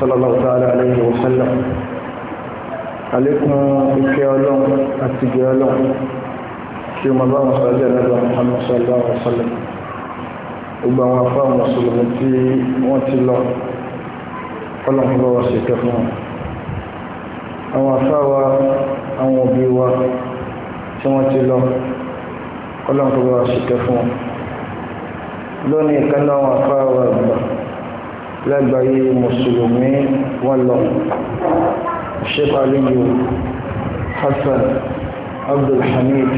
sallallahu ta'ala alayhi wa sallam alekun ike ọlọ́run àti ìgbé ọlọ́run kí o máa bá wọn sọ́jọ́ ẹ̀lẹ́gbà muhammad sallallahu alayhi wa sallam gbogbo àwọn afọ àwọn mùsùlùmí tí wọ́n ti lọ ọlọ́run fún wọn àwọn afọ àwọn òbí wa tí wọ́n ti lọ ọlọ́run fún wọn lónìí ìkànnì àwọn afọ lágbàáyé mùsùlùmí wọ́n lọ Sheikh Aliyu Hassan Abdulhamid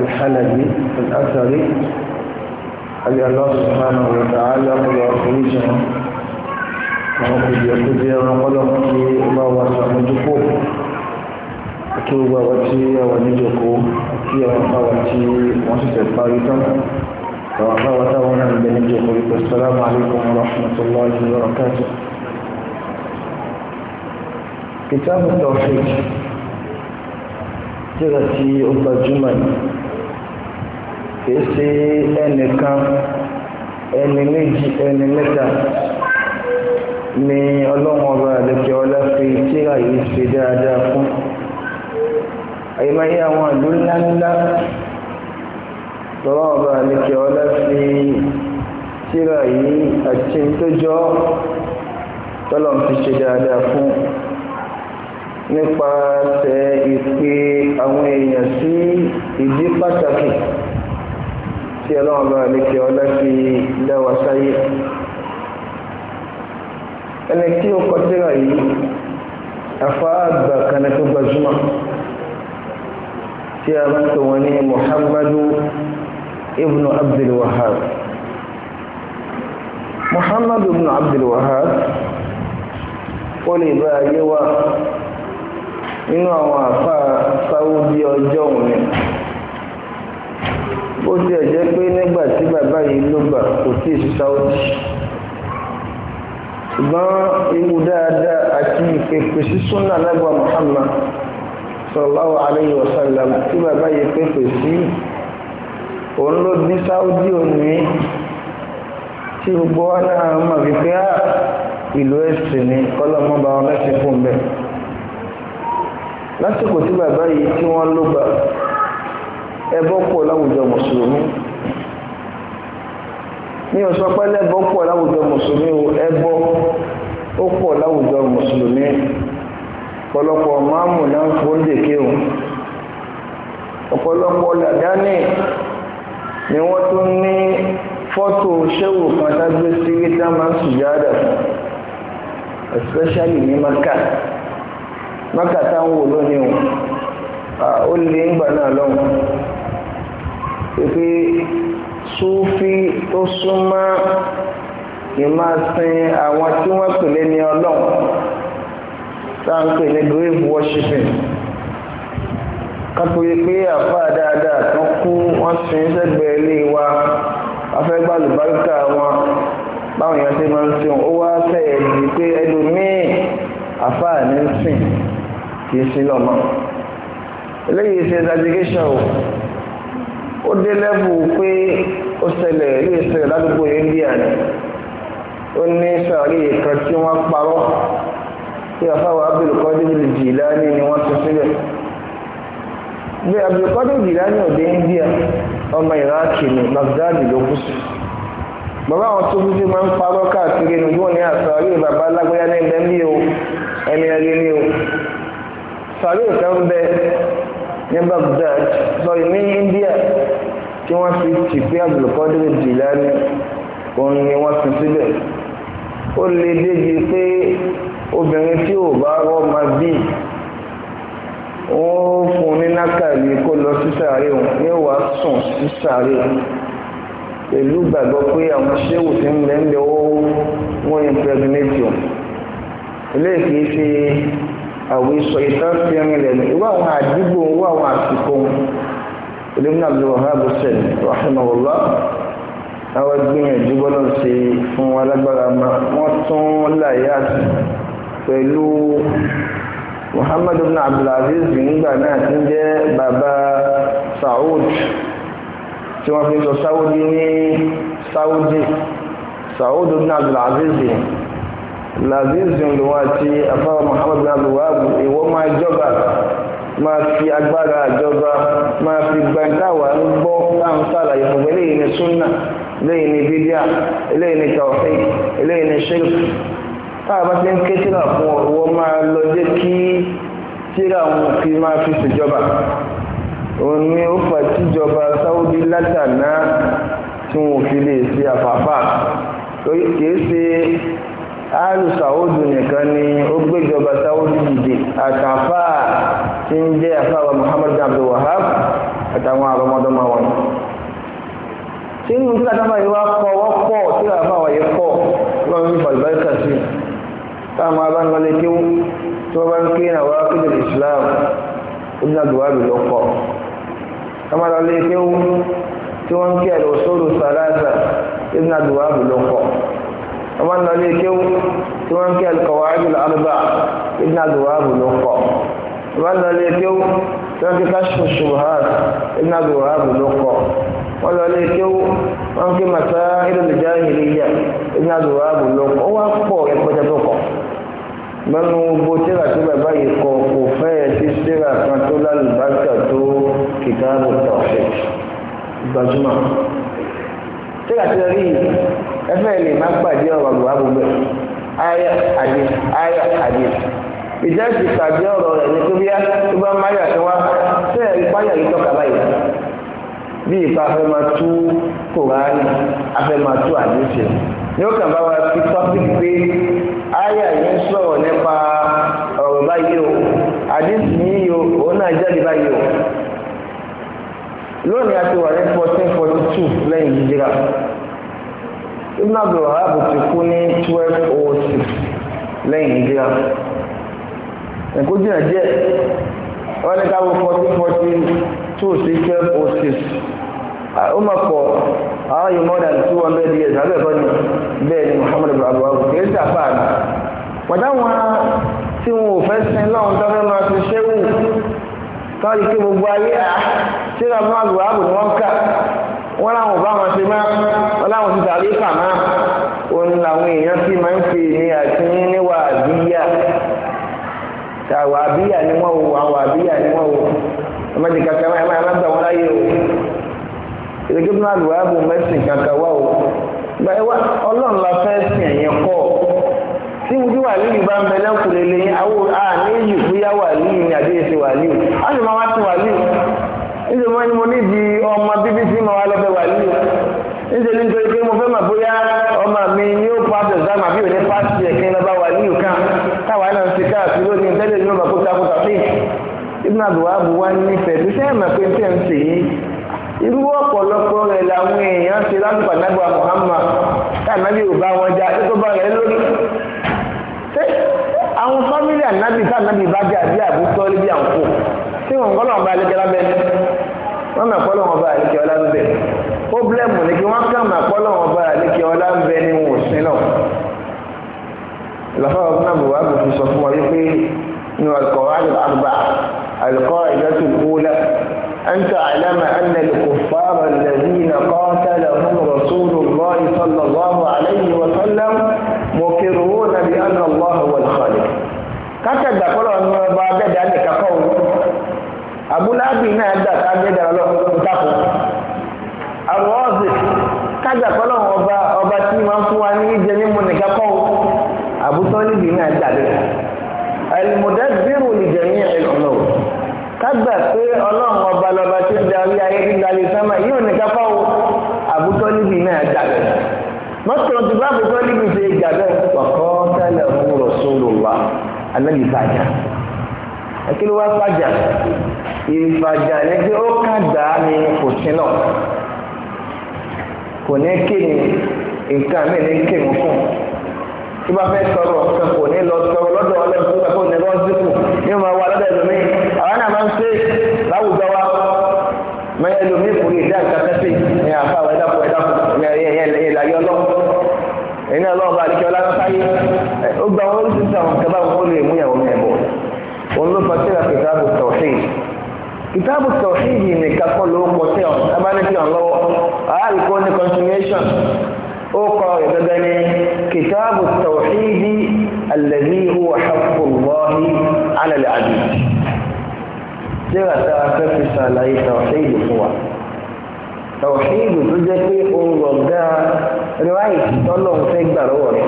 Al-Halabi Al-Athari Allah subhanahu wa ta'ala ọlọ́ oríjìn àwọn kùdìẹ̀kùdìẹ̀ ọlọ́pọ̀lọ́ kí bá wà sàmójúkò kí ó gbà wá tí àwọn níjọkó kí àwọn bá wà tí wọ́n sì tẹ̀ parí tán وأخوة وتونا من بنجي السلام عليكم ورحمة الله وبركاته كتاب التوحيد تغتي أبا جمل kèsì ẹnìkan ẹni méjì ẹni mẹ́ta ni ọlọ́run ọba àdókè ọlá fi tíra yìí ṣe dáadáa fún àyèmáyé àwọn àdó ńláńlá lọ́wọ́ bá ní kí ọlá fi tíra yìí àti tó jọ tọ́lọ̀ fi ṣe dáadáa fún nípasẹ̀ ìpè àwọn èèyàn sí ìdí pàtàkì tí ọlọ́run bá ní kí ọlá fi dáwà sáyé ẹni tí ó kọ tíra yìí afáàgbà kan tó gbajúmọ̀ tí a bá ń wọn ní Muhammadu ibn abdul wahab muhammad ibn abdul wahab ó lè bá ayé wa nínú àwọn àfa sáwúdí ọjọ́ òní bó tiẹ̀ jẹ́ pé nígbà tí bàbá yìí ló gbà kò tí ì sáwúdí ṣùgbọ́n ewu dáadáa àti ìpèpè sí lágbà muhammad sallallahu alayhi wa tí bàbá yìí pèpè sí òun ló ní sáúdí òní tí gbogbo wa náà mọ̀ wípé á ah, ìlú ẹ̀sìn ni kọ́lọ́mọ́ bá wọn lẹ́sìn fún bẹ́ẹ̀ lásìkò tí bàbá yìí tí wọ́n ló gbà ẹbọ pọ̀ láwùjọ mùsùlùmí mi ò sọ pé lẹ́bọ pọ̀ láwùjọ mùsùlùmí o ẹbọ ó pọ̀ láwùjọ mùsùlùmí ọ̀pọ̀lọpọ̀ máàmù náà ń fòóǹdè kéwòn ọ̀pọ̀lọpọ̀ làdá ni wọ́n tún ní fọ́tò ṣẹ́wò kan tágbé sí tá máa ń sùjádà fún especially ní maka maka táwọn wò lónìí o ó lè ń gbà náà lọ́wọ́ pé súfí tó súnmọ́ ìmá sin àwọn tí wọ́n pè lé ní táwọn pè ní grave worshiping kátóye pé àfa dáadáa tán kú wọ́n sin sẹ́gbẹ̀ẹ́ ilé wa afẹ́gbàlùbáríkà wọn báwọn èèyàn ṣe máa ń sìn ó wá fẹ́ẹ̀ di pé ẹlòmíì àfa ní ń sìn kì í sí lọ́mọ eléyìí ṣe exaggeration o ó dé lẹ́bù pé ó ṣẹlẹ̀ ilé ìṣẹ̀lẹ̀ ládùúgbò India ni ó ní sàárì kan tí wọ́n parọ́ tí àfáwọn Abdul Qadir Jilani ni wọ́n ti sílẹ̀ bí abdulkadir jìlání ọ̀dẹ́ india ọmọ iraki ní baghdadi ló kú sí bàbá àwọn tó fífi máa ń parọ́ káàkiri ní yóò ní àsàrí bàbá lágbáyá ní ẹgbẹ́ mi o ẹni ẹrí ni o sàrí kan bẹ ní baghdad sọrí ní india tí wọ́n fi tì pé abdulkadir jìlání òun ni wọ́n fi síbẹ̀ ó lè débi pé obìnrin tí ò bá rọ́ máa bíi wọ́n fún ní nákàlí kó lọ sí sàárè òun ní wàá sùn sí sàárè pẹ̀lú gbàgbọ́ pé àwọn ṣéwù tí ń lẹ́ ń lẹ́ ó wọ́n impregnate òun eléyìí kìí ṣe àwísọ ìtàn fi rinlẹ̀ ní irú àwọn àdúgbò irú àwọn àsìkò olómìnà abdulwahab hussein rahimahullah àwọn gbìyànjú gbọ́dọ̀ ṣe fún alágbára wọn tún láyé àti pẹ̀lú Muhammad ibn Abdulaziz nígbà náà ti ń jẹ́ bàbá Saud tí wọ́n fi sọ Saudi ní Saudi Saud ibn Abdulaziz Laziz ló wá ti afárá Muhammad ibn Abdulwahab ìwọ máa jọba máa fi agbára àjọba máa fi gbàǹdáwà ń gbọ́ táwọn sàlàyé fún eléyìí ní súnà eléyìí bídíà eléyìí ní tàwọ́fẹ́ eléyìí ní ṣírkì táà bá ti ń ké tíra fún ọwọ́ máa lọ jẹ́ kí tíra wọn fi máa fi ṣèjọba òun ni ó fà tíjọba sáwọ́dí látàná tí wọn fi lè ṣe àfàfà kìí ṣe alùsàwọ́dù nìkan ni ó gbéjọba sáwọ́dí dìde àtàfà tí ń jẹ́ àfàwà Muhammad Abdul Wahab àtàwọn àrọmọdọ́mọ wọn sínú tí àtàfà yìí wá kọ́ wọ́pọ̀ tí àfàwà yìí pọ̀ lọ́wọ́ ní bàbá ìkàsí táwọn abánilọ́lé kéwú tí wọ́n bá ń ké àwọn akéde Islam ó ní àdúrà rẹ̀ lọ́pọ̀ táwọn abánilọ́lé kéwú tí wọ́n ń ké àlọ́ sóòrò sàlásà ó ní àdúrà rẹ̀ lọ́pọ̀ táwọn abánilọ́lé kéwú tí wọ́n ń ké àlùkọ̀wá àjùlọ àlùbà ó ní àdúrà rẹ̀ lọ́pọ̀ táwọn abánilọ́lé kéwú tí wọ́n ń ké káṣù ṣùgbọ́n ó ní àdúrà rẹ̀ wọ́n lọ mẹ́nu gbogbo tíra tó bàbá yìí kọ kò fẹ́ ẹ sí tíra kan tó lálùbáṣà tó kìtàbù tọ̀fẹ̀ gbajúmọ̀ tíra tí rí ẹfẹ́ lè má pàdé ọ̀rọ̀ àgbà gbogbo ayé àdé ayé àdé ìjẹ́ ti pàdé ọ̀rọ̀ rẹ̀ ní pé bíyá tó bá máyà tó wá tẹ́ẹ̀ rí páyà yìí tọ́ka báyìí bí ìpa afẹ́ máa tú kòránì afẹ́ máa tú àdéhùn ní ó kàn bá wa fi tọ́pìkì pé àyà yìí ń sọ̀rọ̀ nípa ọ̀rọ̀ báyìí o àdísì yìí o òun náà jáde báyìí o lónìí a ti wà ní fourteen forty two lẹ́yìn jíjìrà ibn abdul wahab ti kú ní twelve oh six lẹ́yìn jíjìrà ẹ̀kọ́ jìnnà díẹ̀ wọ́n ní ká wọ fourteen forty two sí twelve oh six. Ah, ó mọ̀ pọ̀ àwọn ah, yìí more than two hundred years abẹ́ ẹ̀kọ́ ni bẹ́ẹ̀ ni Muhammad ibn abu abu kì í ṣe àpá àná pọ̀tá wọn tí wọn ò fẹ́ sin lọ́run tó fẹ́ máa fi ṣéwù tọ́lì kí gbogbo ayé à ṣé ìgbà abu abu ni wọ́n kà wọ́n láwọn ò bá wọn ṣe máa wọ́n láwọn ti tàbí kà máa òun làwọn èèyàn sì máa ń pè ní àti ní wàhábíyà wàhábíyà ni wọ́n wò àwọn wàhábíyà ni wọ́n wò ọmọdé kankan máa ń gbà wọn láyé o ìrèké fún àlùwàbù mẹ́sìn kankan wá o gba ẹwà ọlọ́run la fẹ́ sìn ẹ̀yẹn kọ́ tí mo bí wàlíì bá ń bẹ lẹ́kùnrin lẹ́yìn àwọ àníyù bóyá wàlíì ni àdéhìsí wàlíì á sì máa wá sí wàlíì níṣẹ́ mo ní mo níbi ọmọ bíbí tí mo wá lọ́bẹ̀ wàlíì níṣẹ́ nítorí pé mo fẹ́ mọ̀ bóyá ọmọ mi ni ó pa àtẹ̀sán àbí òní pàṣẹ ẹ̀kẹ́ lọ́ba wàlíì kan táwa náà ń ṣe káàkiri lónìí tẹ́lẹ̀ ní ọmọ kó takùtà fíì ibùdó àbúwá bu wá nífẹ̀ẹ́ irú ọ̀pọ̀lọpọ̀ rẹ̀ làwọn èèyàn ṣe lásìkò ànágbà Muhammad káànábì ò bá wọn já tó bá rẹ̀ lórí ṣé àwọn fámìlì ànábì káànábì bá jà bí àbútọ́ lé bí à ń kó tí wọn kọ́ lọ́wọ́ bá alẹ́ jẹ́lá bẹ́ẹ̀ wọ́n mọ̀ kọ́ lọ́wọ́ bá alẹ́ jẹ́ ọlá ń bẹ̀ pọ́blẹ́mù ni kí wọ́n kàn mọ̀ kọ́ lọ́wọ́ bá alẹ́ jẹ́ ọlá ń bẹ ní wọn sí náà ìlọ́fà ọ̀gbọ́n náà bùwá bùkún sọ fún wa wípé ní ọ̀kọ̀ àgbà àlùkọ́ ìdọ́tún أن تعلم أن الكفار الذين قاتلهم رسول الله صلى الله عليه وسلم مقرون بأن الله هو الخالق kákẹ́gbà kọ́lọ̀ ní ọba abẹ́dà nìkan kọ́ òun abúlábì náà dà kábẹ́dà ọlọ́run dákò àwọn ọ̀sẹ̀ kájà kọ́lọ̀ ọba ọba tí wọ́n fún wa ní jẹ mímu nìkan kọ́ àbútọ́lìbì náà dà bẹ́ẹ̀ ẹ̀lmùdẹ́bírù lìjẹ̀mí ẹ̀lọ́run kágbà pé ọlọ́run ọba lọba tí ń darí ayé gbígba lè sánmà yóò ní kápá o àbútọ́ níbi náà jàbẹ̀ mọ́tò ti bá àbútọ́ níbi ṣe jàbẹ̀ ọ̀kọ́ tẹ́lẹ̀ mú Rasulullah anábì bàjá ẹ̀kí ló wá fàjà ìfàjà ni pé ó kàdá ni kò sí náà kò ní kí ni nǹkan mi ní kí n fún tí bá fẹ́ sọ̀rọ̀ kò ní lọ sọ̀rọ̀ lọ́dọ̀ ọlẹ́run fún ní ní ma wà lọ́dọ̀ ẹ̀dọ̀ ẹlòmíì kò ní ìdá ìkàtẹ́sì ní àbá ẹ̀dàpọ̀ ẹ̀dàpọ̀ ìlàyé ọlọ́run ẹ̀yìn ọlọ́run bá àdìkẹ́ ọlọ́run sáyé ó gba wọn oríṣiríṣi àwọn kẹfà wọn lè mú ìyàwó mẹ́bọ̀ òun ló fọ sílẹ̀ kìtàbù tọ̀hìn kìtàbù tọ̀hìn yìí nìkan kọ́ ló kọ sí ọ̀n ẹ bá ní kí ọ̀n lọ́wọ́ àárìkó ní continuation ó kọ ìgbẹ́gbẹ́ ní kìtàbù tọ̀hìn yìí alladhi huwa haqqu Allahi ala al-abid síra tá a fẹ́ fi ṣàlàyé tàwọ̀ṣẹ́ìlú fún wa tàwọ̀ṣẹ́ìlú tó jẹ́ pé òun lọ̀gá ráìtì tọ́lọ̀ ń fẹ́ gbà lọ́wọ́ rẹ̀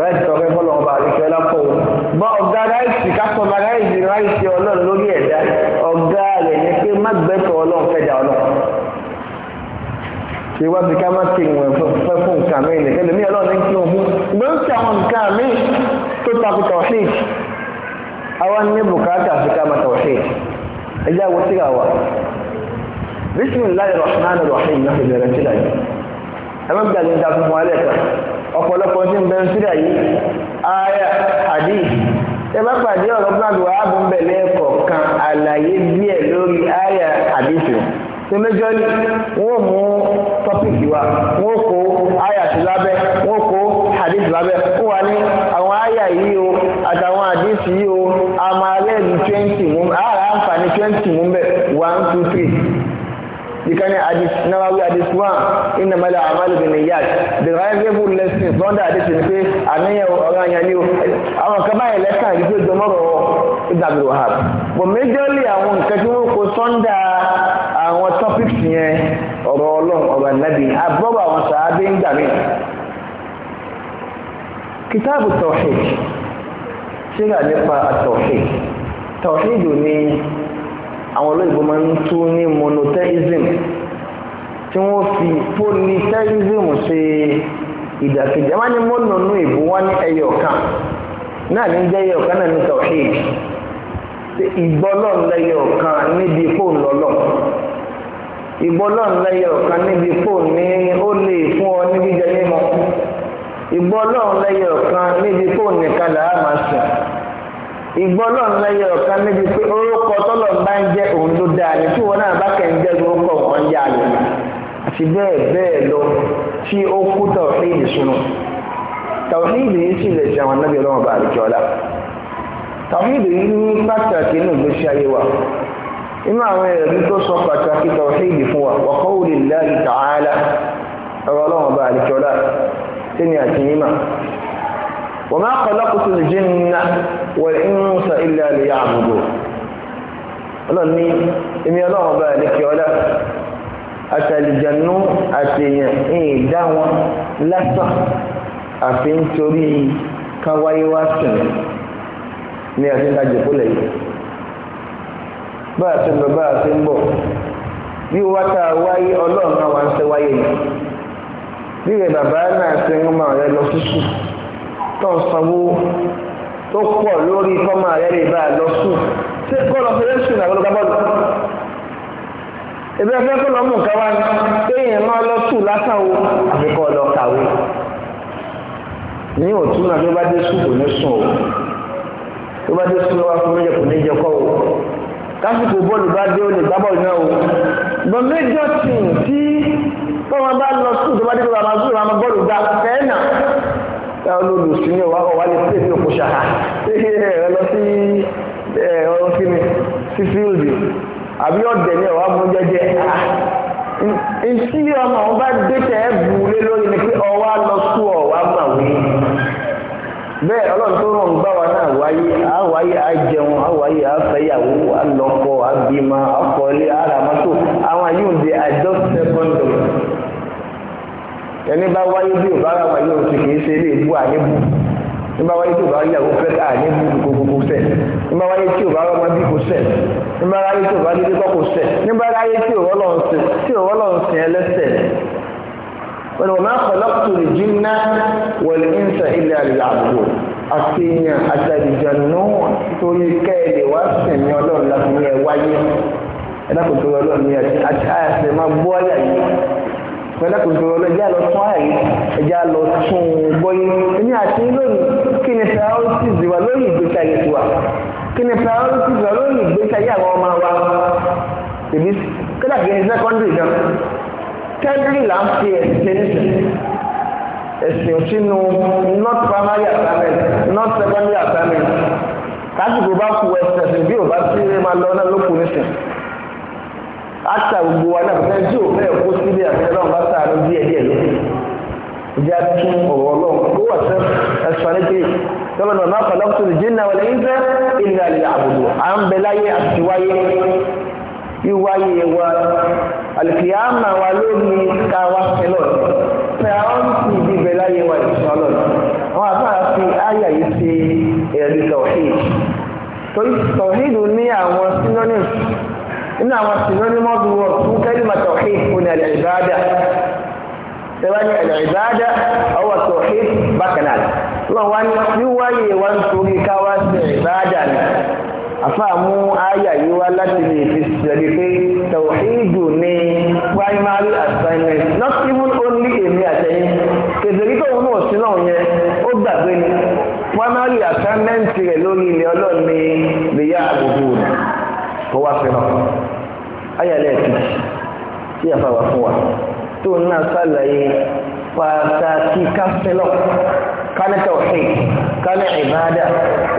ráìtì tó fẹ́ fọ́lọ́ ọba àríkẹ́ lápò wọn bá ọ̀gá ráìtì kásọ̀ bá ráìtì ráìtì ọlọ́run lórí ẹ̀dá ọ̀gá rẹ̀ ni pé má gbẹ́tọ̀ ọlọ́run fẹ́ dà ọlọ́run ṣe wá bí ká má ti ìwọ̀n fẹ́ fún nǹkan mi nìkan lèmi ọlọ́run ní àwa ní bùkátà sí ká máa tawhid ẹjẹ́ àwọn tí ra wa bisimilayi rahman rahim náà fi bẹ̀rẹ̀ sílẹ̀ yìí ẹ̀mọ́ bí àjẹ́ ìjà fún wálé ẹ̀ka ọ̀pọ̀lọpọ̀ tí ń bẹ̀rẹ̀ sílẹ̀ yìí aya àdí ẹ bá pàdé ọ̀rọ̀ gbàgbé wa ábùn bẹ̀lẹ̀ kọ̀ọ̀kan àlàyé díẹ̀ lórí aya àdí fìlà tó mẹ́jọ ní wọ́n mú wa wọ́n kó aya sí lábẹ́ wọ́n kó àdí sí lábẹ́ wọ́n wà aya yìí o àdìsí yìí o a máa rẹ́ẹ̀lì twenty mú ara àǹfààní twenty mú bẹ̀ one two three ìkànnì àdìsí náwáwí àdìsí one ìnàmọ́lẹ̀ àmàlù bìnnì yard the rival lesson sunday àdìsí ni pé àníyàn ọ̀rọ̀ àyàn ni o àwọn kan báyìí lẹ́kàn yìí pé jọmọ́rọ̀ ìdàgbò wahab but majorly àwọn nǹkan tí wọ́n kó sunday àwọn topics yẹn ọ̀rọ̀ ọlọ́run ọ̀rọ̀ ànábì àbọ̀bọ̀ àwọn sàábé ń gbà mí kìtàbù tawhid síra nípa àtọ̀hìn tọ̀hìn ìlú ni àwọn olóyìnbó máa ń tú ní monotheism tí wọ́n fi polytheism ṣe ìdàkejì àwọn ni mọ́nà ìbò wá ní ẹyọ kan náà ní jẹ́ ẹyọ kan náà ní tọ̀hìn ìgbọ́lọ́ọ̀lẹ́yọ̀ kan níbi fóònù lọ́lọ́ ìgbọ́lọ́ọ̀lẹ́yọ̀ kan níbi fóònù ní ó lè fún ọ ní jíjẹ mímọ́ ìgbọ́ ọlọ́run lẹ́yẹ ọ̀kan níbi kó nìkan làá máa sùn ìgbọ́ ọlọ́run lẹ́yẹ ọ̀kan níbi pé orúkọ tọ́lọ̀ bá ń jẹ́ òun ló dáa ní tí wọn náà bá kẹ́ ń jẹ́ orúkọ wọn yá lò àti bẹ́ẹ̀ bẹ́ẹ̀ lọ tí ó kú tàwíìdì sunu tàwíìdì yìí sì lè ṣe àwọn anábìyẹ ọlọ́run bá àlùjọ ọ̀la tàwíìdì yìí ní pàtàkì inú ìgbésí ayé wa inú àwọn ẹ̀rí tó sọ pàtàkì tàwíìdì fún wa wa qawli llahi ta'ala ọ̀rọ̀ ọlọ́run bá àlùjọ ọ̀la tẹ́ni àti yíma wa ma khalaqtul jinna wal insa illa liya'budun ọlọ́run ní èmi ọlọ́run ọba ẹ̀lẹ́kẹ́ ọlá àtàlìjànú àti èèyàn ìyìn dá wọn lásán àfi nítorí káwáyé wá sùn ní àti ìdájọ́ kólẹ̀ yìí bá a ti lọ bá a ti ń bọ̀ bí wọ́n ta wáyé ọ bí rẹ̀ bàbá náà ṣe ń mọ rẹ lọ sùsù tó ń sanwó tó pọ̀ lórí fọ́mà rẹ lè bá a lọ sùn ṣé kọ́ lọ fẹ́rẹ́ sùn àwọn olùkábọ́ọ̀lù ebi ẹgbẹ́ kọ́ lọ mú nǹkan wá ní kéèyàn máa lọ sùn lásán o àfikọ́ lọ kàwé ní òtún náà tó bá dé sùn kò ní sùn o tó bá dé sùn lọ́wọ́ fún méjì kò ní jẹ kọ́ o lásìkò bọ́ọ̀lù bá dé o lè gbá bọ́ọ̀lù náà o gbọ̀n tó wọn bá lọ sí ìjọba dídò àmà sí ìjọba gbọ́dọ̀ gba fẹẹnà ẹ olùsùn ní ọwọ́ wa lè tẹ ìlú ẹ lọ sí ẹ ọ̀rọ̀ sí fíìlì àbí ọdẹ ní ọwọ́ mú ah! ọmọ wọn bá dé tẹ ẹ bù lé lórí ni pé ọwọ́ lọ sí ọwọ́ tó ràn gbá wa náà wáyé àwáyé àjẹun ẹni bá wáyé bí ò bá rà wáyé o ti kìí ṣe ilé ìbú àníbù ní bá wáyé tí ò bá rí àwọn fẹ́ àníbù gbogbogbò sẹ̀ ní bá wáyé tí ò bá rọ́mọ bí kò sẹ̀ ní bá ráyé tí ò bá dídí kọ́ sẹ̀ ní bá ráyé tí ò rọ́lọ́ sẹ̀ tí ò rọ́lọ́ sẹ̀ ẹlẹ́sẹ̀ wọn ò máa kọ̀lọ́kùtù lè jí ná wọlé ń sẹ ilé àlè àti èèyàn àti àdìjọ náà torí kẹ́ẹ̀lẹ̀ wá sìn ọlọ́run láti ní ẹ wáyé ẹ dákòtò ọlọ́run ní pẹ̀lẹ́ kò dòrò lọ ẹjá lọ tún àyè ẹjá lọ tún gbọ́yé èmi àti lónìí kí ni priorities wa lórí ìgbésí ayé tiwa kí ni priorities wa lórí ìgbésí ayé àwọn ọmọ wa tèmi kódà kí ni secondary gan tẹ́lẹ̀ là ń fi ẹ̀sìn ẹ̀sìn òsínú north primary assignment north secondary assignment tásìkò bá kú ẹ̀sìn ẹ̀sìn bí ò bá sí ẹ máa lọ náà ló nísìnyí àtà gbogbo wa náà fẹ́ tí ò fẹ́ kó sílẹ̀ àti ọlọ́run bá sàánú díẹ̀ díẹ̀ ló jẹ́ tún ọ̀rọ̀ ọlọ́run tó wà sẹ́ ẹ̀sọ́nẹ́tì tọ́lọ́nà máa kọ̀ lọ́kùtù lè jẹ́ náà wọlé ń fẹ́ àbùdù à ń bẹ láyé àti wáyé ìwáyé wa àlùkìyàmà wa lórí ká wá pé àwọn ti ìdíbẹ̀ láyé wa ìṣọ́lọ̀ àwọn àbára fi yìí ṣe ẹ̀rí tọ̀hídù torí tọ̀hídù àwọn synonyms nínú àwọn synonymous word fún kẹ́lìmọ̀ tawhid fún al-ibada tẹ́wá ní al-ibada ọwọ́ tawhid bákan náà wọ́n wá ní wíwáyé wá ń torí káwá sí ìbáàdà ni àfáàmú ayà yìí wá láti lè fi sẹ̀rí pé tawhidu ayàlẹ́ ẹ̀kejì tí a fàwà fún wa tó náà sàlàyé pàtàkì káfẹ́lọ̀ kánẹ́ tọ̀hìn kánẹ́ ìbáadà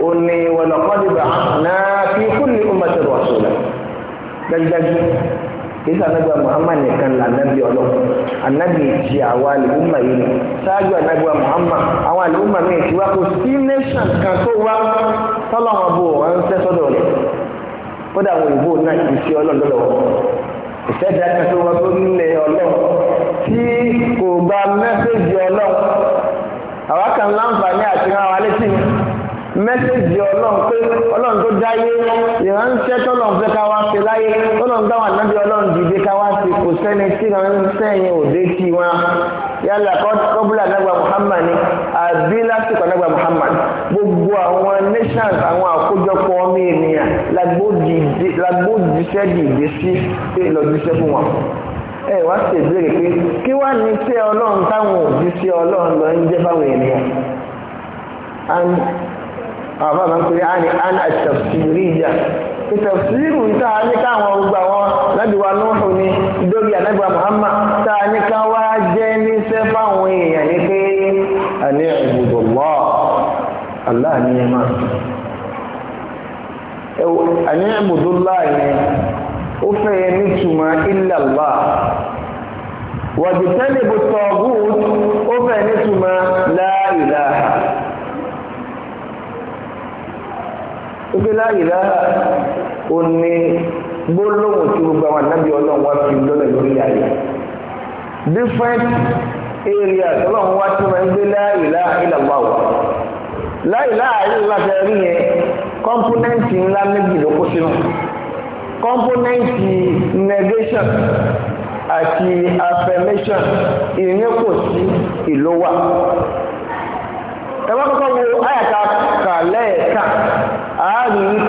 ó ní wọn lọ́kọ́dìbà náà fi kulli ummatin rasula dájúdájú isa anagba muhammad nìkan la anabi ọlọ anabi ti àwa àlùmọ yìí ṣáájú anagba muhammad àwọn àlùmọ mi ti wá kó sí nation kan tó wá tọ́lọ́mọbò ọ̀hún ṣẹ́ sọ́dọ̀ rẹ̀ kódà àwọn òyìnbó náà kì í ṣe ọlọ́run lọ́wọ́ ìfẹ́ dáadáa tó wọ́n tó nílẹ̀ ọlọ́run tí kò gba mẹ́sẹ̀jì ọlọ́run àwa kan láǹfààní àti rán wa létí mẹ́sẹ̀jì ọlọ́run pé ọlọ́run tó dáyé ìránṣẹ́ tọ́lọ́run fẹ́ ká wá ṣe láyé ọlọ́run dáwọn ànábì ọlọ́run dìde ká wá ṣe kò sẹ́ni tí ìránṣẹ́ yẹn ò dé kí wọn yálà kọ́bùlà nàgbà Muhammad ni àbí lásìkò nàgbà Muhammad gbogbo àwọn nations àwọn àkójọpọ̀ ọmọ ènìyàn làgbó la lagbójíṣẹ́ dìde sí pé lọ jíṣẹ́ fún wọn ẹ wá sì ìbéèrè pé kí wá ní tí ọlọ́run táwọn òjíṣẹ́ ọlọ́run lọ ń jẹ́ báwọn ènìyàn àwọn àmà ń pè ní an àtàfsírí ìjà ìtàfsírù tá a ní káwọn gbà wọn lábìwá lóhùn ní dórí àdágbà Muhammad tá a ní ká wá jẹ́ níṣẹ́ fáwọn èèyàn ní pé àní ìbùdó wọ́ọ̀ aláàníyàn máa àní ẹ̀bùdúlá yẹn ó fẹ́ yẹn nítumọ̀ ilàlá wàjútẹ́lẹ̀ bó tọ́gù ó fẹ́ nítumọ̀ láìlá ó fẹ́ láìlá ó ní gbólóhùn tí gbogbo àwọn ànábì ọlọ́run wá different areas ọlọ́run wá tí wọ́n ń gbé láìlá ilàlá wà láìláà ìlàfẹ́ rí yẹn kọ́mpónẹ́ǹtì ńlá méjì ló kó sínú kọ́mpónẹ́ǹtì negation àti affirmation ìnípò sí ìlówà ẹgbẹ́ kọ́kọ́ wo àyàká kàlẹ́ẹ̀ka àárín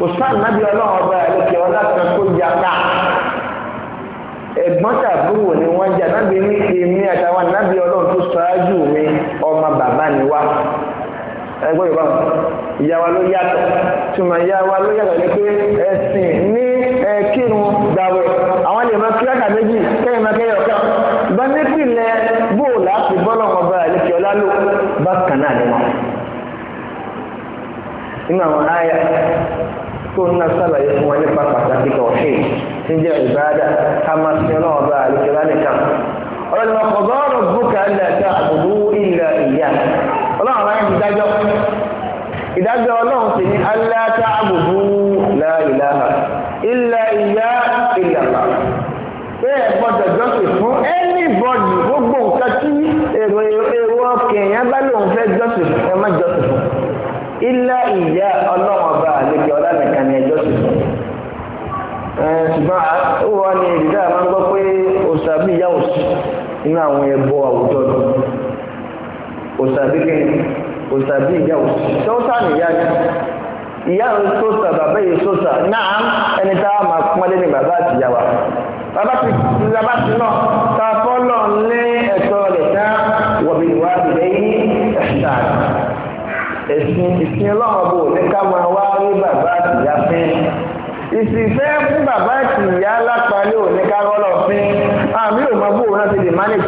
kò sáà nábì ọlọ́run ọba ẹ̀lẹ́kẹ̀ ọlọ́kan tó yapa ẹ̀gbọ́n tàbúrò ni wọ́n jà nábì ní èmi àtàwọn nábì ọlọ́run tó ṣáájú mi ọmọ bàbá ni wá ẹgbọ́n yorùbá ìyá wa ló yàtọ̀ túmọ̀ ìyá wa ló yàtọ̀ ni pé ẹ̀sìn ní ẹ̀kírun gbàwẹ̀ àwọn lè máa kíláàkà méjì kẹ́yìn máa kẹ́yìn ọ̀kan bá nípìnlẹ̀ bóòlù àti bọ́lọ̀ ọba ẹ̀lẹ́kẹ̀ ọlá ló bákan náà ni wọn. nínú àwọn àyà tó ń náà sàlàyé fún wa nípa pàtàkì tọ̀hìn tí jẹ́ ìbáadà ká máa sin ọlọ́run bá àlùkìlá nìkan ọlọ́run wa kọ̀ bọ́ọ̀rọ̀ bùkà ńlá tá àbùdú ilẹ̀ ìyá ọlọ́run láyé ìdájọ́ ìdájọ́ ọlọ́run sì ní alá àbùdú láìláha ilẹ̀ ìyá ìyàlá bẹ́ẹ̀ gbọ́dọ̀ jọ́sìn fún anybody gbogbo nǹkan tí èrò èrò ọkàn nínú àwọn ẹbọ àwùjọ ni òṣàbíkẹ́ òṣàbí ìyá òṣìṣẹ́ ìyá ni ìyá ń sọ́sà bàbá yìí sọ́sà náà ẹni tá a máa pọ́nlé ní bàbá àti ìyá wa bàbá ti bàbá ti náà ta fọ́lọ̀ ní ẹ̀tọ́ rẹ̀ tá wọ̀bìnrin wa bìrẹ̀ yìí ẹ̀sìn ìsìn ọlọ́run bò ìsìnfẹ́ fún bàbá àti ìyá lápalẹ́ òní kárọ́lọ́ fín àmì ò mọ bó wọn ti lè manage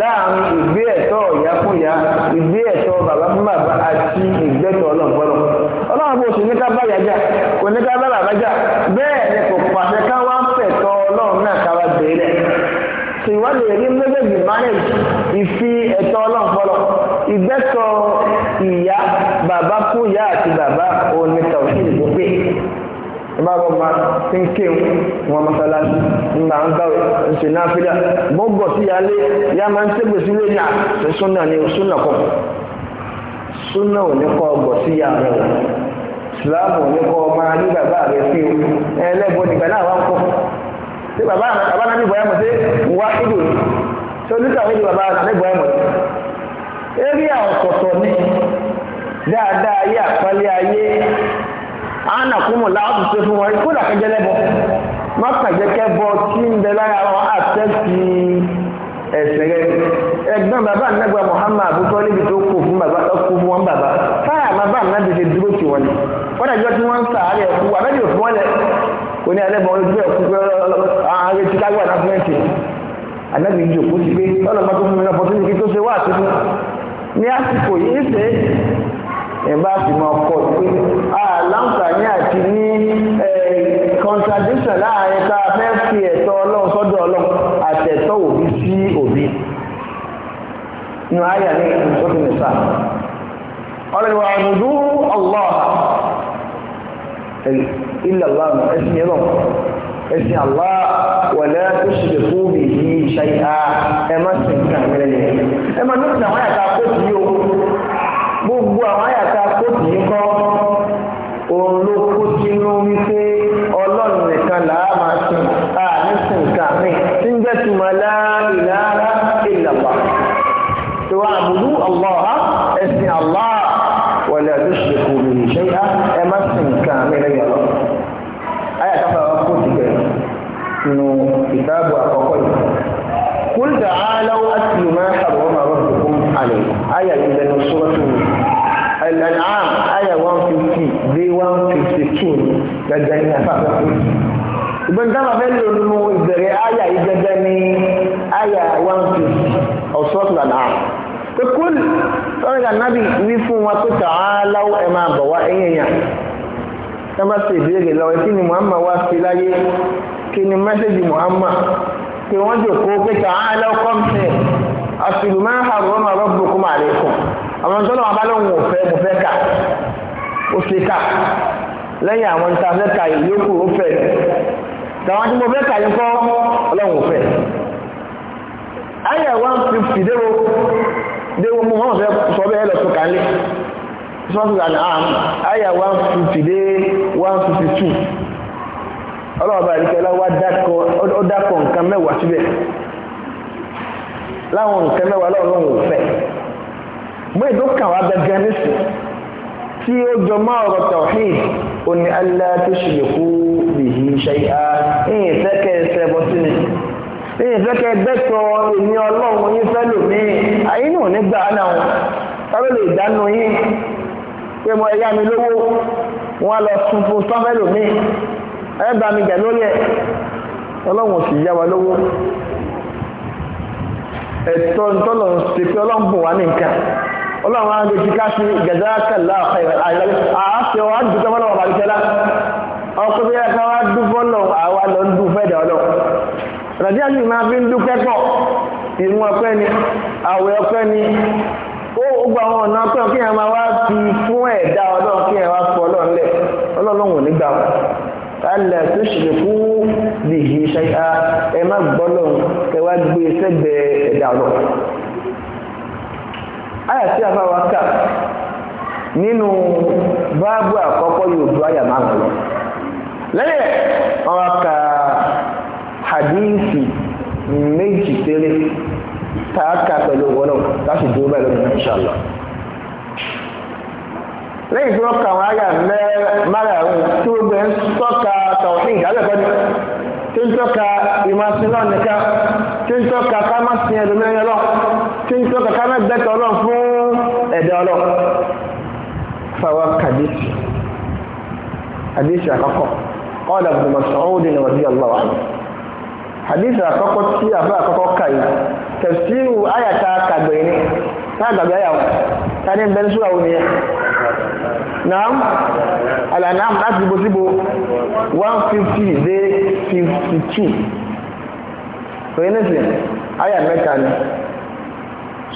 láàrin ìgbé ẹ̀tọ́ ìyá fún ìyá ìgbé ẹ̀tọ́ bàbá fún bàbá àti ìgbẹ́tọ̀ ọlọ́ọ̀pọ̀lọ́ ọlọ́run bó ṣe ní ká bá yájà kò ní ká bá bàbá jà bẹ́ẹ̀ ni kò pàṣẹ ká wá ń fẹ̀tọ́ ọlọ́run náà ká wá bẹ̀rẹ̀ e ṣe ìwádìí rí méjèèjì manage ìfi ẹ̀tọ́ ọlọ́ọ̀pọ̀lọ́ ìgbẹ́tọ̀ ìyá bàbá fún ìyá àti bàbá òní tàwọn ìdìbò pé ìbá wọn ma ti ń kéwù wọn masalasi ńgbà ń gbàwé ńṣe náà fídà bọ́gbọ̀ sí yálé yá máa ń tẹ́gbẹ̀ sílé ní àti súnà ní súnà kọ̀ súnà ò ní kọ́ ọgbọ̀ sí yá rẹ̀ wọ̀ ìsìláàmù ò ní kọ́ ọmọ ní bàbá rẹ̀ fi o baba nígbà náà wà ń kọ́ ṣé bàbá bàbá náà ní ìbọn ẹ̀mọ̀ ṣé wá ìdò ṣé oníkàwé ní bàbá náà ní ìbọn ẹ̀mọ̀ eré àwọ̀tọ̀tọ̀ ní dáadáa ayé àpálẹ́ ayé ana kúmọ̀ láàbù tó fún wọn kó làkẹjẹ lẹ́bọ̀ má kàjẹ kẹbọ tí ń bẹ lára wọn àtẹ́sí ẹ̀sẹ̀ rẹ ẹgbẹ́ bàbá nàgbà Muhammad abúkọ́ níbi tó kù fún bàbá ọkù fún wọn bàbá fáyà bàbá nàbì ṣe dúró tì wọn ni wọ́n dàjọ́ tí wọ́n ń sàárẹ̀ ẹ̀kú àbẹ́bí òfin wọn lẹ̀ kò ní ẹlẹ́bọ̀ ojú ẹ̀kú pé ààrẹ ti kágbà náà fún ẹ̀sìn ànábì ìjò kó ti gbé ọlọ́mọ tó fún mi lọ́pọ̀ tó ní kí tó ṣe wá àtúntò ní àsìkò yìí ṣe ẹ̀ bá sì mọ ọkọ̀ pé láǹfààní àti ní contradiction láàrin tá a fẹ́ fi ẹ̀tọ́ ọlọ́run sọ́dọ̀ ọlọ́run àtẹ̀tọ́ òbí sí òbí nù ayà ní ìṣòfin nìta ọlọ́run wa àbùdú Allah ilẹ̀ aláàmù ẹ̀sìn ẹ̀rọ ẹ̀sìn Allah wọ̀lẹ́ tó ṣe lè fún mi yìí ṣe à ẹ̀ má sì mẹ́rẹ̀ yẹn ẹ̀ ní ìtàn àwọn àyàtà kóòtù yìí o gbogbo àwọn àyàtà kóòtù yìí kọ́ gẹ́gẹ́ ní afáfẹ́ fún mi. ìgbọ́n táwọn afẹ́ lò nínú ìbẹ̀rẹ̀ àyà yìí gẹ́gẹ́ ní àyà one two ọ̀ṣọ́ọ̀tù lànà. pé kúl sọ́rọ́ ìgbà nábì wí fún wa pé tàá láwọ́ ẹ máa bọ̀ wá ẹ̀yìn èèyàn. tábà ṣe ìbéèrè lọ kí ni Muhammad wá sí láyé kí ni mẹ́sẹ̀gì Muhammad pé wọ́n jòkó pé tàá láwọ́ kọ́mṣẹ́ àṣìlùmọ́ àrùn ọmọ rọ́bùkún àlékún àwọn tó lọ́wọ́ abálòhùn òfẹ́ mọ̀fẹ́ ká ó ṣe ká lẹ́yìn àwọn tá a fẹ́ ka ìyókù ó fẹ́ tàwọn tí mo fẹ́ ka yín kọ́ ọlọ́run ò fẹ́ ayé one fifty déwo déwo mo hàn fẹ́ sọ bẹ́ẹ̀ lọ tó kálí sọ́ọ́sì àná àmì ayé one fifty dé one fifty two ọlọ́ọ̀bá ìrìkẹ́lá wá dákọ̀ nǹkan mẹ́wàá síbẹ̀ láwọn nǹkan mẹ́wàá lọ́wọ́ lọ́wọ́ ò fẹ́ mú èdè ó gẹ́gẹ́ nísìnyí tí ó jọ mọ́ ọ̀rọ̀ tawhid ó ní allah tushriku bihi shay'a ìyìn fẹ́kẹ́ ṣẹbọ sí mi ìyìn fẹ́kẹ́ bẹ́tọ̀ èmi ọlọ́run yín fẹ́ lòmí àyínú nígbà náà sábẹ́ lè dánú yín pé mo ẹ̀yá mi lówó wọn lọ sun fún sáfẹ́ lòmí ẹ mi gẹ̀ lórí ẹ̀ ọlọ́run sì yá wa lówó ẹ̀tọ́ ntọ́lọ̀ ń ṣe pé ọlọ́run bùn wá ní nǹkan ọlọ́run á lè fi ká sí gẹ̀dákàlá àáṣẹ wa dùkọ́ mọ́nà ọ̀bà ìṣẹ́lá ọkọ̀ bí ẹ̀ka wa dúpọ́ náà àwa lọ ń dúpẹ́ dà ọ̀nà rẹ̀dí àti ìmọ̀ fi ń dúpẹ́ pọ̀ ìmú ọpẹ́ ni àwẹ̀ ọpẹ́ ni ó gba àwọn ọ̀nà ọpẹ́ kí ẹ̀ máa wá fi fún ẹ̀dá ọlọ́run kí ẹ̀ wá fọ lè yí ṣe ẹ má gbọ́ lọ́run gbé e sẹ́gbẹ̀ẹ́ ẹ̀dá ọlọ́run Aya tí a bá wa nínú báàbù àkọ́kọ́ yóò ju àyà lọ ka hadithi méjì pẹ̀lú wọn náà láti dúró báyìí lọ́dún inṣàlá lẹ́yìn tí wọ́n kà wọ́n àyà márààrún tí wọ́n gbẹ̀ ń tí ń ọjọ́ kọ̀ọ̀ká náà gbẹ́tọ̀ ọlọ́run fún ẹ̀dẹ̀ ọlọ́run fáwọn kàdíṣì kàdíṣì àkọ́kọ́ ọ̀dà gbọ̀dọ̀ sọ̀rọ̀ ní ọdí ọlọ́wà kàdíṣì àkọ́kọ́ tí àbá àkọ́kọ́ kà yìí tẹ̀síwù àyàtà kàgbẹ̀ ní tágbàgbé àyàwó tani bẹ́ẹ̀ sùúrà wọn yẹn naam alanam láti bó síbo one fifty dé fifty two pẹ̀lú ẹ̀sìn àyà mẹ́ta ni.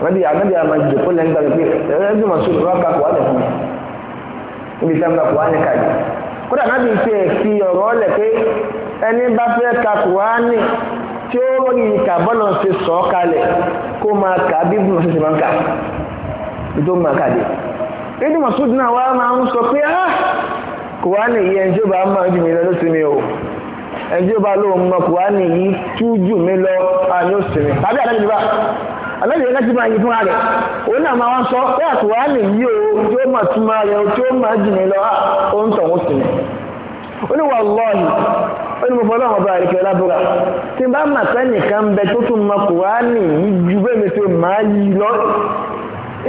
ànábì ànábì àmà jòkó lẹ́yìn gbàgbé pé ẹ̀rẹ́dì mọ̀ sóòtù wá kakọ̀ wálẹ̀ fún mi níbi tí a ń kakọ̀ wálẹ̀ kàdé kódà ànábì tiẹ̀ fi ọ̀rọ̀ ọ̀lẹ̀ pé ẹni bá fẹ́ kakọ̀ wálẹ̀ tí ó rí ìka bọ́lọ̀ ṣe sọ ọ́ kalẹ̀ kó máa kà á bí bí mọ̀sí ṣe máa ń kà tó máa kà dé. Ẹni mọ̀súdù náà wá máa ń sọ pé á kò wá nìyí ẹni tí ó bá máa o. Ẹni tí ó bá lóun mọ kò wá nìyí tú jù mí lọ á ní ó alábìyẹ láti máa yin fúnra rẹ̀ òun náà máa wọ́n sọ pé àtùwárá lè yí o tí ó máa túmọ̀ rẹ̀ o tí ó máa jìnnà lọ ó ń tọ̀hún sí mi oníwà lọ́ọ̀nì onímọ̀fọ́lọ́ ọ̀bá àríkẹ́ lábúra tí bá mà sẹ́nìkan bẹ tó tún mọ kùránì ju bẹ́ẹ̀ mi ṣe máa yí lọ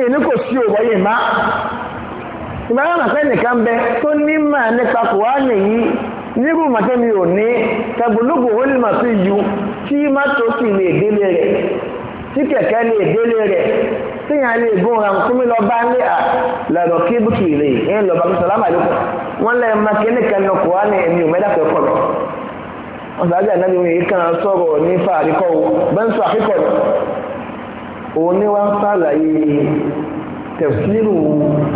èyí kò sí òwò yìí má tí bá mà sẹ́nìkan bẹ tó ní mà nípa kùránì yìí nírú màtẹ́mi ò ní tàbí olóògùn ó lè mà sí ju kí má tó sì lè délé rẹ̀ tí kẹ̀kẹ́ lè délé rẹ̀ tíyàn lè gún ra nkúmi lọ bá ní à lọ́dọ̀ kí bùkì rè é ń lọ bá sọ lámàlú wọn lẹ́yìn máa kí nìkan ní ọkọ̀ wá ní ẹ̀mí òmẹ́dàkọ̀ ẹ̀kọ́ lọ. wọn sọ àjẹ́ ànábi yìí kan sọ̀rọ̀ ní fàáríkọ́ o bẹ́ńsọ àkíkọ̀ ni. òun ni wọ́n sàlàyé tẹ̀síìrù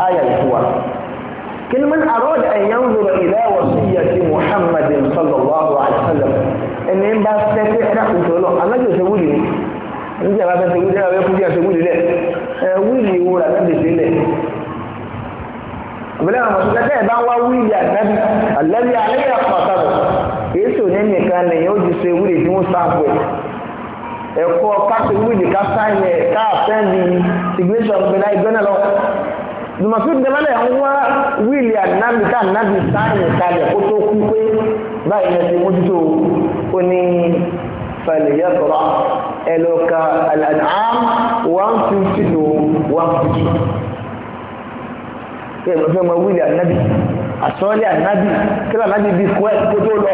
ayà ìfúwa. kí ni wọ́n àròdà ẹ̀yàn ń lọ ilẹ̀ wọ sí yàtí muhammadin sallallahu alayhi wa sallam ẹni bá tẹ́tẹ́ ẹ̀dá níbi àwọn afẹ́fẹ́ wíìlì àwọn ẹkùn bí àti wíìlì lẹ̀ ẹ wíìlì wo rà náà lè lẹ̀ àbẹ̀lẹ̀ àwọn ọ̀sùn kẹ́kẹ́ bá ń wá wíìlì àtàbí àlẹ́bí àlẹ́bí àpàtàkùn èso ní nìkan lẹ́yìn ó ti ṣe wíìlì tí wọ́n sáàpù ẹ̀ ẹ̀kọ́ káṣí wíìlì ká sáyẹn ká àfẹ́ǹdì ìgbésọ̀ ọ̀gbìnà ìgbẹ́nà lọ Mọ̀sùn Dẹ́mẹ́lẹ̀ ń wá wíìlì ànábì ká ànábì sáyẹn kalẹ̀ kó tó kú pé báyìí ẹ̀ ti mójútó ó ní fẹ̀lẹ̀yẹ́tọ̀rọ̀ ẹlọ́ka al'an'am 150 to 150 kí ẹ̀mọ̀ fẹ́ mọ wílì ànábì àsọ́lẹ̀ ànábì kí ànábì bí kọ́ ẹ̀kọ́ tó lọ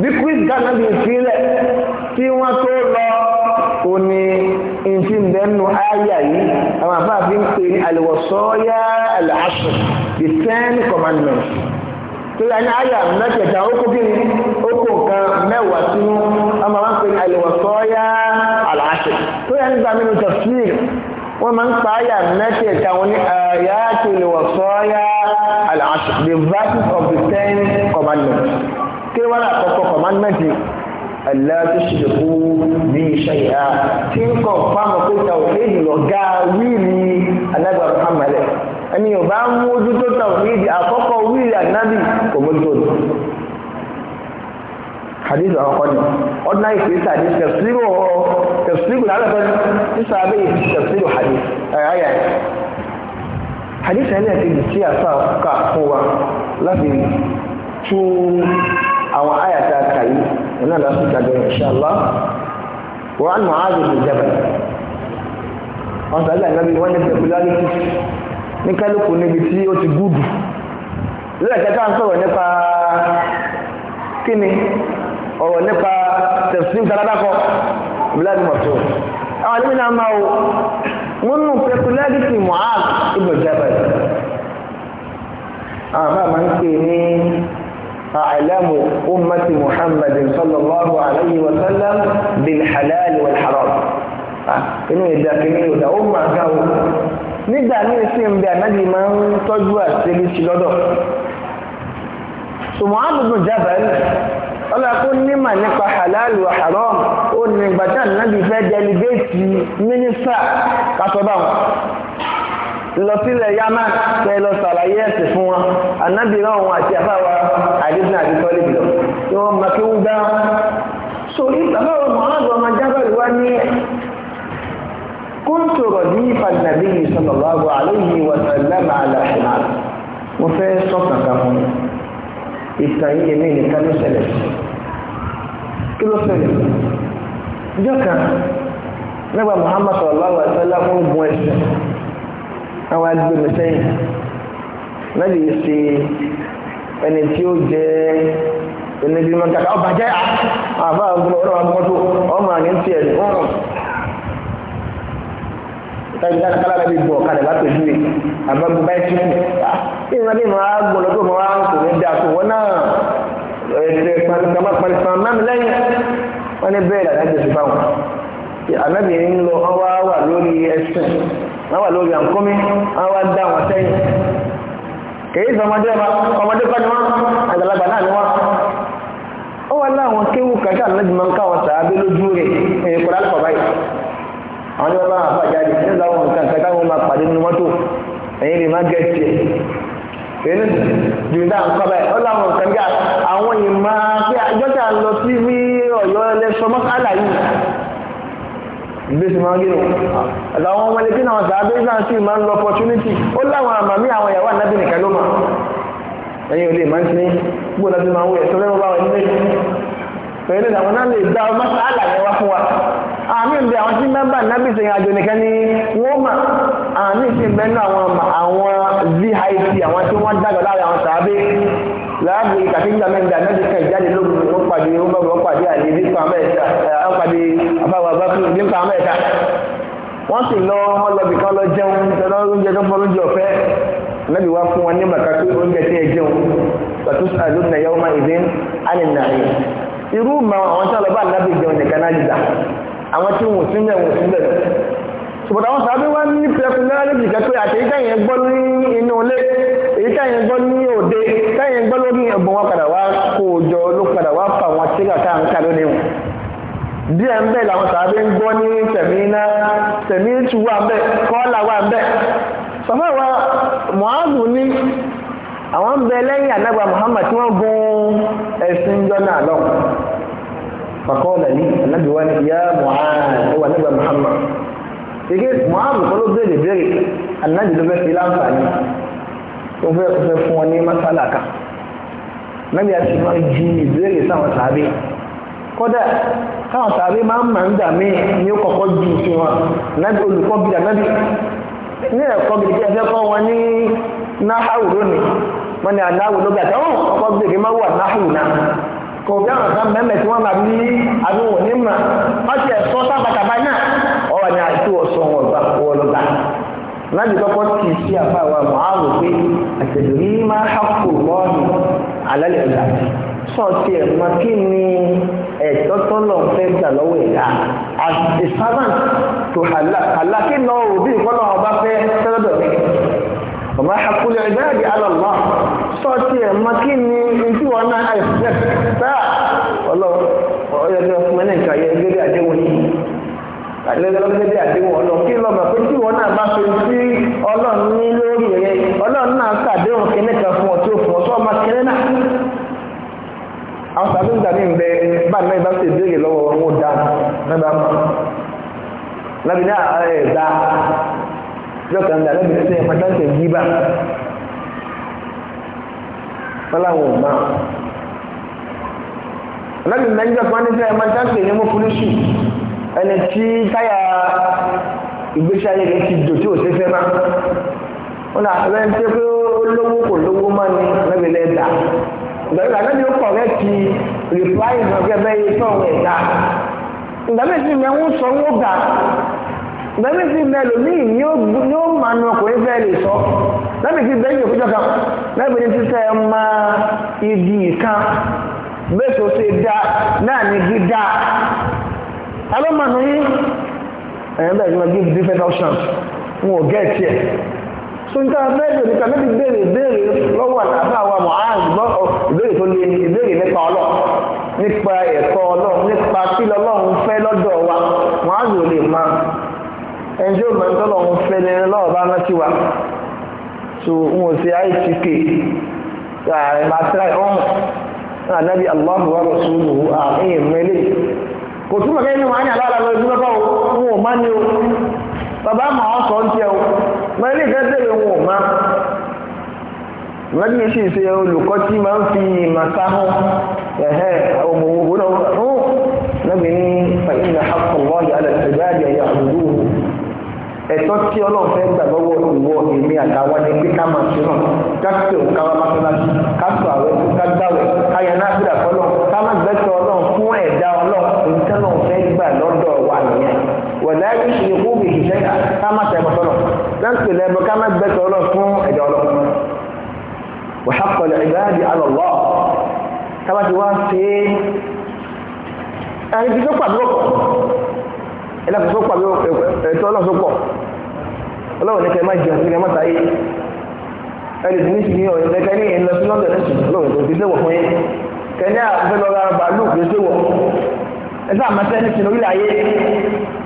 bí chris ganabi ìfilẹ̀ tí wọ́n tó lọ ó ní ìfín bẹ́ẹ̀nu ayà yìí àwọn àfáàfin pè ní àlèwọ̀sọ́yà àlàásù the ten commandments tó yà ní ayà mẹ́tẹ̀ẹ̀ta ó kó kí ni nǹkan mẹ́wàá tí wọ́n máa ń pè ní àlùwọ̀sọ́yá àlàáṣẹ tó yẹ nígbà mínú tafsir wọ́n máa ń pa àyà mẹ́tẹ̀ẹ̀ta wọn ní àyà tó lè wọ̀ sọ́yà the verses of the ten commandments kí wọ́n rà àkọ́kọ́ commandment aláàtúnṣepọ̀ ní iṣẹ́ ìhà tí ń kọ̀ fáwọn pé tawhid lọ́gá wíìlì alágbà Muhammad ẹni ò bá mójútó tawhid àkọ́kọ́ wíìlì ànábì kò mójútó hadith àkọ́kọ́ ni ordinary kìí ṣe hadith tafsiru tafsiru lálẹ́fẹ́ sísá abẹ́ tafsiru hadith ayáyá hadith ẹlẹ́ẹ̀kejì tí a sá ká fún wa láti tú àwọn àyàtà kàyí wọn náà lásìkò àjọ ìṣàlá wọn á nù áàzù ìjẹbẹ wọn sọ ẹgbẹ́ ìgbàgbé wọn ní pẹkularity ní kálukú níbi tí ó ti gúdù lẹ́ẹ̀kẹta ń sọ̀rọ̀ nípa kíni ọ̀rọ̀ nípa tẹ̀sí ìtàládákọ̀ bíláàdì mọ̀tò àwọn ilé náà máa wo wọn nù pẹkulẹ́dìtì Mu'adh ibn Jabal àwọn bá máa ń pè ní àìlẹ́mù ummati Muhammad sallallahu alayhi wa sallam bil halal wal haram inú ìdá kìíní ìdá ó máa ga o nígbà ní ìsìn bí anábì máa ń tọ́jú àṣírí sí lọ́dọ̀ so Mu'adh ibn Jabal ọlá kó nímà nípa halal wa haram ó ní ìgbàtà náàbì fẹ́ dẹlibéètì mínísà kásọ̀bà wọn lọ sílẹ̀ yámà kẹ lọ sàlàyé ẹ̀sìn fún wọn ànábì náà wọn àti àfáwa àdébìnrin àti tọ́lẹ̀bì lọ tí wọ́n máa kí wọ́n dá sórí bàbá wọn mọ̀ọ́dọ̀ ọmọ jábàlì wá ní kóńtò rọ̀dí ìfàdàbí sallallahu alayhi wa sallam ala himar mo fẹ́ sọ fún ìtàn yìí èmi nìkan ló ṣẹlẹ̀ sí i kí ló ṣẹlẹ̀ ìjọ kan nígbà Muhammad sallallahu alaihi wasallam fún gun ẹsẹ̀ àwọn agbègbè sẹ́yìn náà lè ṣe ẹni tí ó jẹ́ ẹni bí wọn kàkà ọba jẹ́ àbá ọgbọ́n ọ̀rọ̀ agbọ́tò ọmọ àní ti ẹ̀ ọ̀rùn tàbí dáadáa kálá bí bu ọ̀kadà látòjú rẹ̀ àbá gbọ́ báyìí tí wọ́n ń bá kí ni wọ́n ní ma gbọ́dọ̀ tó ma wá kò ní dáa tó wọ́n náà ẹ̀ẹ́dẹ́ pàtàkì pàtàkì mami lẹ́yìn wọ́n ní bẹ́ẹ̀ làdájọ́ ti bá wọn ànábìrin ń lọ wọ́n wá wà lórí ẹ̀sìn wọ́n wà lórí àǹkómi wọ́n wá dá wọn sẹ́yìn kèyí sọmọdé ọmọdé kọ́ ni wọ́n àgbàlagbà náà ni wọ́n ó wá láwọn kéwù kàkà ànábì máa ń ká wọn sàábé lójú rẹ̀ èyí kọ́lá lọ́kọ̀ báyìí àwọn ọjọ́ bá wọn àfàjáde nígbà wọn kàkà táwọn máa pàdé nínú mọ́tò ẹ̀yìn lè má gẹ̀ẹ́sì ẹni jùlọ ń kọ́bẹ̀ ó láwọn nǹkan bí àwọn ìmọ̀ pé àjọ́tà lọ sí rí ọ̀yọ́ ẹlẹ́sọ mọ́kànlá yìí ìgbésí máa ń gé àwọn ọmọ ẹlẹ́gbẹ́ náà sàábé náà sì máa ń lọ opportunity ó láwọn àmàmí àwọn ìyàwó ànábì nìkan ló mà ẹ̀yin ò lè máa ń sin gbọ́dọ̀ láti máa ń wẹ̀ sọ́dọ̀ bá wọn nílé pẹ̀lú àwọn náà lè dá ọmọ sáà mi bẹ àwọn tí mẹ́bà nábì sẹ́yìn àjò nìkan ni wọ́n mà àní ṣe mẹ́nu àwọn àwọn vip àwọn tí wọ́n dàgbà láàrin àwọn sàábé láàbò ìkàtíńgà mẹ́ta náà ti kàn ìjáde lógun wọ́n pàdé wọ́n bá wọ́n pàdé àlè nípa mẹ́ta wọ́n pàdé àbáwọ̀ àbáfún nípa mẹ́ta wọ́n sì lọ wọ́n lọ bìkan lọ jẹun tẹ̀lé oúnjẹ tó fọ́ lóúnjẹ ọ̀fẹ́ nábì wá fún wọn ní bàtà pé oúnjẹ tí ẹ jẹun pàtó àlùmọ̀ yẹ́wọ́n máa ìdí àlè nàrí irú màwọn àwọn tí wọ́n lọ bá nábì jẹun nìkan náà àwọn tí wọ́n sí mẹ́wọ̀n sí mẹ́lẹ̀ ṣùgbọ́n àwọn sàábí wá ní pẹ̀kúnlẹ́rìbì kẹ́kẹ́ àti ìtàyẹn gbọ́ ní inú ilé èyí táyẹn gbọ́ ní òde táyẹn gbọ́ lórí ẹ̀bùn wọn padà wá kó o jọ ló padà wá fà wọn tí kàkà ń kà lónìí wọn díẹ̀ ń bẹ̀ làwọn sàábí ń gbọ́ ní tẹ̀mí iná tẹ̀mí tù wà bẹ́ẹ̀ kọ́là wà bẹ́ẹ̀ sọ̀fẹ́ wa mọ́àdù ní àwọn ń bẹ lẹ́yìn ànágbà Muhammad tí wọ́n gun ẹ̀sìn jọ náà fakọ́ọ̀lẹ̀ ní anábì wá ní ìyá muhammed ó wà nígbà muhammad ṣèké muhammed kọ́ ló béèrè béèrè anábì ló fẹ́ fi láǹfààní ó fẹ́ fẹ́ fún wọn ní masala kan anábì àti máa ju ìbéèrè sáwọn sàábé kódà káwọn sàábé máa ń máa ń dà mí ní ó kọ́kọ́ ju sí wọn anábì olùkọ́ bí anábì ní ẹ̀kọ́ bí kí ẹ kọ́ wọn ní náhàwù lónìí wọn ni àdáwù ló gbà tẹ́wọ̀n ọkọ̀ gbèrè má wà náhàwù náà kò bí àwọn kan mẹ́mẹ́ tí wọ́n máa ní àdúgbò ní mà má ti ẹ̀ sọ sábàtàbà náà ọ̀rọ̀ ni àti ọ̀sọ̀ wọn gbà wọ́n lọ gbà. láti kọ́kọ́ kì í sí àfàwà mọ̀hálù pé àtẹ̀lórí máa hàpò lọ́ọ̀nù alálẹ̀ ẹ̀dá sọ́ọ̀tì ẹ̀ mọ kí ni ẹ̀tọ́ tọ́lọ̀ fẹ́ gbà lọ́wọ́ ẹ̀dá as a servant to kí lọ òbí ìkọ́lọ́ ọba fẹ́ sẹ́lẹ̀dọ̀ mi ọ̀ma hàpò lẹ́ẹ̀dá àdì alọ́lọ́ sọ́ọ̀tì ẹ̀ mọ kí ni ojú sáà ọlọ́run ọyọ ní ọkùnrin náà nǹkan yẹ gẹ́gẹ́ àdéhùn yìí àdéhùn àdéhùn ọlọ́run kí lọ́mọ pé tí wọn náà bá fi sí ọlọ́run ní lórí rẹ ọlọ́run náà sàdéhùn kínní kan fún ọ tí ó fún ọ tó ọmọ kínní náà àwọn sàbí ìgbà mi ń bẹ bá mi bá ṣe máa lọ́bì mẹ́jọ kan ní sẹ́yìn máa tán pè ní mọ́kúrúsù ẹni tí táyà ìgbésí ayé rẹ̀ ti dò tí ò ṣe fẹ́ máa wọn là lẹ́yìn tí pé ó lówó kò lówó máa ní lọ́bì lẹ́ẹ̀dá ìgbàlódé àná ni ó kọ̀ rẹ́ ti rìpláì náà gẹ́gẹ́ bẹ́ẹ̀ tó ń ẹ̀dá ìgbàlódé sì mẹ́wọ́n sọ wọ́n gà bẹ́ẹ̀ni ti mẹlòmíì ni ó máa nu ọkùnrin fẹ́ lè sọ lẹ́bi ti bẹ́ẹ̀ni òkúta kan lẹ́bi ni títẹ̀ bẹ́ẹ̀ tó ṣe dá náà ní dídá alọ́mọ̀nà yín ẹ̀yìn bẹ́ẹ̀ ni wọ́n give different options wọn ò gẹ́ẹ̀tì ẹ̀ tó ń tẹ́lá bẹ́ẹ̀ lòdì kan níbi ìbéèrè ìbéèrè lọ́wọ́ àtàbà àwọn Mu'adh gbọ́ ìbéèrè tó lé ní ìbéèrè nípa ọlọ́run nípa ẹ̀kọ́ ọlọ́run nípa kí lọ́lọ́run fẹ́ lọ́dọ̀ wa Mu'adh ò lè máa ẹnjẹ́ òmìnira tọ́lọ́run fẹ́ ní lọ́wọ́ bá rántí wa tó wọn ò ṣe itk ààrẹ ah, máa tẹ́lá ọ̀hún oh ànábì Allahu wa rasuluhu àfihàn mẹ́lẹ̀ kò túnmọ̀ kẹ́ inú wáyé alára lọ ìdúró bá wọn ò má ní o bàbá mà ọ́ sọ ń tiẹ̀ o mẹ́lẹ̀ fẹ́ tẹ̀lé wọn ò má mẹ́lẹ̀ sì ṣe olùkọ́ tí máa ń fi ìmọ̀ sáhùn ẹ̀hẹ́ ọmọ òwò náà fún lẹ́bi ní fàyínà àkọ́kọ́ yàrá ìgbàdìyà yà àbúrò ẹ̀tọ́ tí ọlọ́run fẹ́ gbà lọ́wọ́ ìwọ èmi àtàwọn ẹni ká máa ṣe náà ká pè máa fẹ́ láti ká sọ àwẹ̀ ká gbàwẹ̀ bẹ́tọ̀ ọlọ́run fún ẹ̀dá ọlọ́run nǹkan náà fẹ́ gbà lọ́dọ̀ wa nìyẹn wọ̀lá yìí ṣe kú bí ìṣiṣẹ́ ká má tẹ̀ bọ́tọ̀ náà láti lẹ́ bọ́ ká má bẹ́tọ̀ ọlọ́run fún ẹ̀dá ọlọ́run wàhápọ̀lì ìbáàdì alọ́lọ́ tábàtí wá ṣe é ẹni tí tó pàdé ọkọ̀ ẹlẹ́kùn tó pàdé ẹ̀tọ́ ọlọ́run tó pọ̀ ọlọ́run ní kẹ́ má jẹun sí kẹ́ má táyé ẹni tí ní ṣì ní ọ̀yọ́ kẹ́kẹ́ ní ìlọsí lọ́dọ̀ ẹ̀sìn ọlọ́run tó ti dẹ́wọ̀ fún yín kẹ́ni àfẹ́ lọ́ra bàálù kì í ṣe wọ̀ ẹ̀sẹ̀ àmọ́sẹ́ ní sinú orílẹ̀ ayé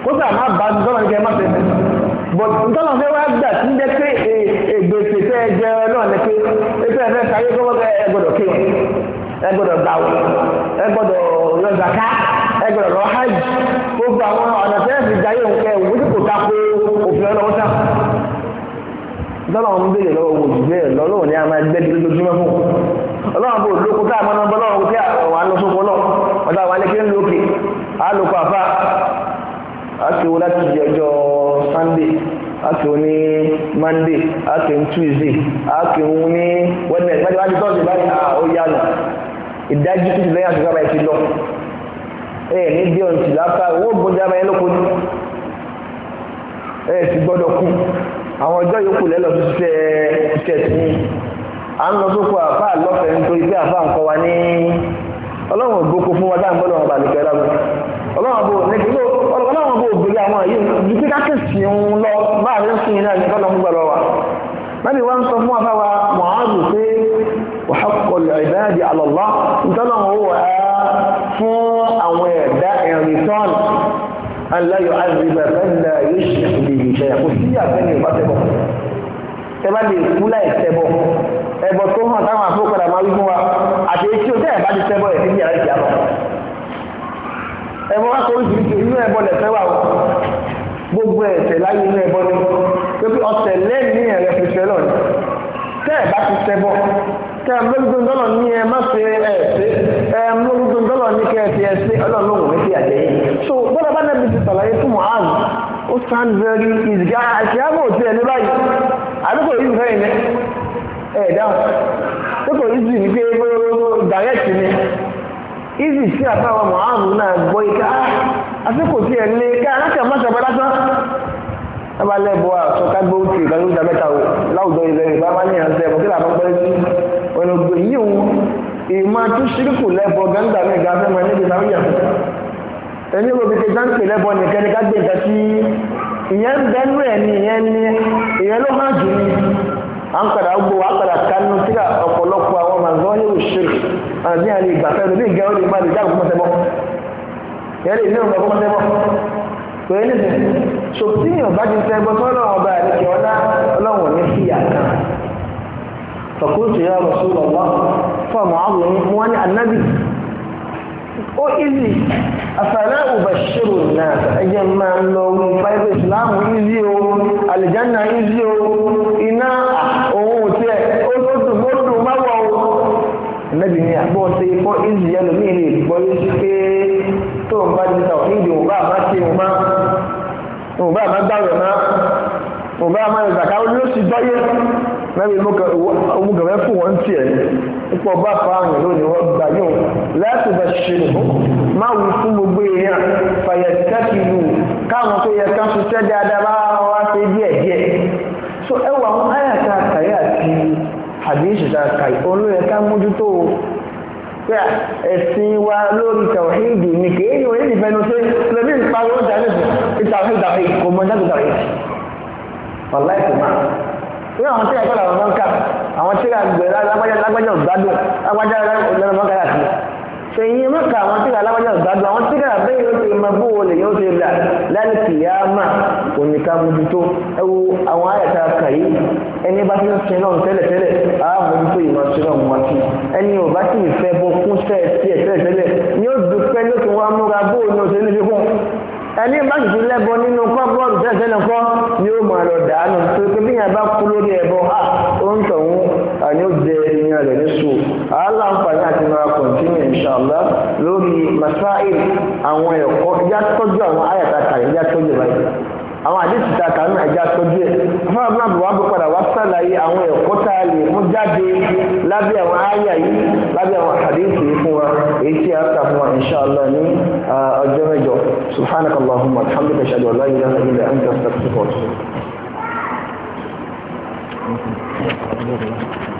kó sà má bá dọ́là nìkẹ́ má fẹ́ẹ́ but dọ́là fẹ́ wá gbà tí ń jẹ́ pé ègbèsè fẹ́ jẹ ọlọ́run ní pé ẹgbẹ́ ẹ̀fẹ́ káyé gbọ́dọ̀ ẹ gbọ́dọ̀ kí ẹ gbọ́dọ̀ gbà wọ ẹ gbọ́dọ̀ lọ zaka ẹ gbọ́dọ̀ lọ hajj gbogbo àwọn ọ̀nà tẹ́ẹ̀fì jayé nǹkẹ́ òun tí kò ta pé òfin ọlọ́run sàn dọ́là ń béèrè lọ́wọ́ òjì bẹ́ẹ̀ lọ́lọ́run ni a máa gbẹ́dẹ́ lójoojúmọ́ fún ọlọ́run bò lókun tá àmọ́ nọmbọ́ lọ́wọ́ tí àwọn lọ sóko lọ ọ̀dà wà lẹ́kẹ́ lókè á àfà á láti di ọjọ́ sunday á ti wo ní monday á ti ní tuesday á wednesday láti wá di thursday báyìí à ó yá nù ìdájú tó ti lẹ́yìn àti sábà ti lọ ẹ ní bí ọ̀n ti láfà owó gbọ́dọ̀ àmọ́ ẹ lóko ní ẹ ti gbọ́dọ̀ kú àwọn ọjọ́ yòókù lẹ́lọ́ fi ti ń lọ sóko àfa lọ́fẹ̀ẹ́ nítorí pé àfa nǹkan wa ní ọlọ́run ògbóko fún wa dáhùn gbọ́dọ̀ wọn bàlẹ̀ kẹ́lá lọ ọlọ́run bò ní kíkó ọlọ́run bò gbélé àwọn yìí ju pé kákẹ́sì ń lọ bá àrẹ sùn yìí náà ní kọ́lọ́ gbà lọ wa láti wá ń sọ fún àfa mọ̀hánù pé wàhákọ̀lẹ̀ ìbáyàdì àlọ́lá ntọ́lọ́run ó wà á fún àwọn ẹ̀dá ẹ̀rìn tọ́ọ̀nù aláyọ̀ àzìbà kẹ́ńdà ẹ̀bọ̀ tó hàn táwọn àfọwọ́kọ̀dà máa wí fún wa àti etí o tẹ́ ẹ̀ bá ti sẹ́bọ̀ ẹ̀ sí yàrá ìjà lọ. ẹ̀bọ̀ wá sọ oríṣiríṣi inú ẹ̀bọ lẹ̀ fẹ́ wà o gbogbo ẹ̀sẹ̀ láyé inú ẹ̀bọ ni pépé ọ̀sẹ̀ lẹ́ẹ̀ni ẹ̀rẹ́ fi fẹ́ lọ ni tẹ́ ẹ̀ bá ti sẹ́bọ̀ tẹ́ ẹ̀ lóògùn dọ́lọ̀ ní ẹ má ṣe ẹ̀ ṣe ẹ̀ lóògùn ní kẹ́ ẹ fi ẹ ṣe ọlọ́run ní kí yìí so bọ́lá bá nàbí ti sàlàyé fún Mu'adh ó stand very easy àti àbò tiẹ̀ ní báyìí àdúgbò yìí fẹ́ yìí ẹ̀ dáhùn tó ní pé direct ni easy tí àtàwọn mọ̀hánù náà gbọ́ ika ah, àsìkò tí ẹ̀ lé ká aláṣà má sọ̀rọ̀ lásán tábà lẹ́bọ̀ àṣọ kágbó ti ìgbàlú ìjà mẹ́ta o láwùjọ ilẹ̀ Yorùbá bá ní àṣẹ ẹ̀mọ́ kí làá máa sí ọ̀nà ògbè yìí òun ìmọ̀ tó ṣírìkù lẹ́bọ̀ gángà mi ga fẹ́mọ̀ níbi sáwìyà ẹni wo bíi jáǹpì lẹ́bọ̀ nìkan ni ká gbé nǹkan sí ìyẹn bẹ́ẹ̀ ní ìyẹn ìyẹn ló má jù ní à ń padà gbó wa padà kánú síra ọ̀pọ̀lọpọ̀ àwọn màzán yóò ṣèrè àti àlè ìgbàfẹ́ lórí ìgbà ó lè má lè dáàbò mọ́tẹ́mọ́ yẹn lè ní ọ̀nà mọ́tẹ́mọ́ pé ní sè sòtìyàn bá ti sẹ́ gbọ́ sọ́dọ̀ ọba àdìkẹ́ ọlá ọlọ́wọ̀n ní fìyà kan fàkúrútù yà Rasulullah fún àwọn àwọn wọn ní anábì ó ìzì àfàlà òbàṣírò náà ẹ̀jẹ̀ máa ń lọ wí báyìí Islam ìzì o àlìjánà ìzì o ṣe fọ́ ìzì ẹlòmíì lè gbọ́ yé pé tó ń bá níta òfin ìdè òun bá àmá ṣe òun má òun bá àmá gbàwẹ̀ má òun bá àmá ìzàká ó ló sì gbọ́yé mẹ́rin mú gẹ̀mẹ́ fún wọn tiẹ̀ púpọ̀ bá fa àwọn lónìí wọ́n gbà yóò láti bẹ̀ ṣe má wù fún gbogbo èèyàn fàyẹ̀ tẹ́kìlù káwọn tó yẹ ká ṣiṣẹ́ dáadáa bá wá ṣe díẹ̀ díẹ̀ so ẹwà àwọn àyàká àkàyà àti àdéhìṣẹ́ àkàyà olóyẹ ká mójútó pé ẹ̀sìn wa lórí tàwíìdì ni kìí ní orí ìfẹnu ṣe lẹ́bí ìparí ó dáná sí ìtàwí ìtàwí kò mọ dáná ìtàwí ọ̀la ẹ̀sìn máa ní àwọn tí ẹ̀kọ́ làwọn máa ń kà àwọn tí ẹ̀kọ́ làwọn máa ń kà lágbájá ògbádùn lágbájá ògbádùn sẹ̀yìn mọ́ka àwọn tí kà lábájá gbàgbọ́ àwọn tí kà bẹ́ẹ̀ yóò ṣe máa bó wọlé yóò ṣe là lálùkì yá mà òníkà mójútó ẹwu àwọn àyàtà kàyé ẹni bá ti ń sin náà tẹ́lẹ̀tẹ́lẹ̀ á mójútó ìmọ̀ sí náà wá sí ẹni ò bá sì fẹ́ bọ́ fún sẹ́ẹ̀sì ẹ̀ tẹ́lẹ̀tẹ́lẹ̀ ni ó dúpẹ́ ló ti wá múra bó ní oṣù ní fífún ẹni bá sì ti lẹ́bọ nínú kọ́bọ́ọ̀lù tẹ́lẹ̀tẹ́lẹ̀ kọ́ ni ó máa aláǹfààní àti máa kọ̀ntínú ìṣàlá lórí masáìl àwọn ẹ̀kọ́ ẹjá tọ́jú àwọn ayàtàkà ẹjá tọ́jú báyìí àwọn àdéhùn ta kàánú ẹjá tọ́jú ẹ̀ fún abúlé àbúrò wa padà wá sàlàyé àwọn ẹ̀kọ́ tá a lè mú jáde lábẹ́ àwọn àyà yìí lábẹ́ àwọn àdéhùn yìí fún wa èyí tí a kà fún wa ìṣàlá ní ọjọ́ mẹ́jọ subhanaka allahumma alhamdulilayi ṣàlùwà la ilaha